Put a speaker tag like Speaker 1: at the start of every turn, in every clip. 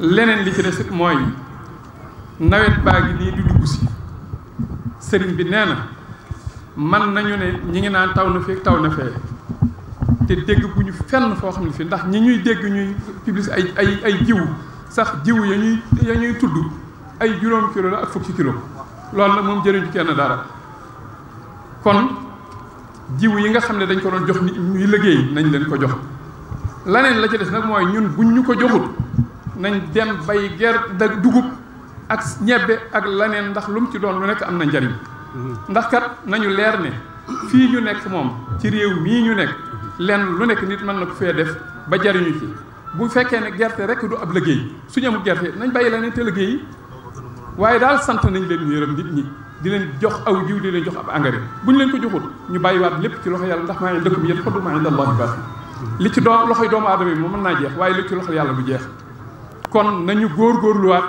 Speaker 1: leneen li ci des mooy nawet baa ngi nii di dugg si sëriñ bi nee na man nañu ne ñi ngi naan taw na fii taw na fee te dégg bu ñu fenn foo xam ne fii ndax ñi ñuy dégg ñuy publicité ay ay ay jiwu sax jiw ya ñuy ya ñuy tudd ay juróom kilo la ak fukki kilo loolu nag moom jëriñu kenn dara kon jiw yi nga xam ne dañ ko doon jox ni ñuy liggéey nañ leen ko jox laneen la ci des nag mooy ñun buñ ñu ko joxut nañ dem bay gerte da dugub ak ñebbe ak laneen ndax lu mu ci doon lu nekk am na njariñ
Speaker 2: mm-hmm.
Speaker 1: ndax kat nañu leer ne fii ñu nekk moom ci réew mii ñu nekk lenn lu nekk nit mën na ko fee def ba jariñu ci bu fekkee ne gerte rek du ab liggéey suñu amul gerte nañ bàyyi leneen te liggéey yi waaye daal sant nañ leen yërëm nit ñi di leen jox aw jiw di leen jox ab engrais bu ñu leen ko joxul ñu bàyyiwaat lépp ci loxo yàlla ndax maa mm-hmm. ci doo loxoy doomu aadama bi moom mën naa jeex waaye li ci loxo yàlla du jeex kon nañu góor góorluwaat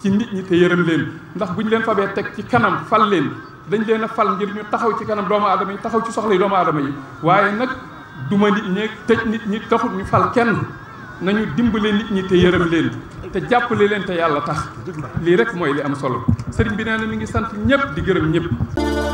Speaker 1: ci nit ñi te yërëm leen ndax bu ñu leen fabee teg ci kanam fal leen dañ leen a fal ngir ñu taxaw ci kanam doomu aadama yi taxaw ci soxla yi doomu aadama yi waaye nag duma nit ñi tëj nit ñi taxut ñu fal kenn nañu dimbale nit ñi te yërëm leen te jàppale leen te yàlla tax lii rek mooy li am solo sëriñ bi nee na mi ngi sant ñëpp di gërëm ñëpp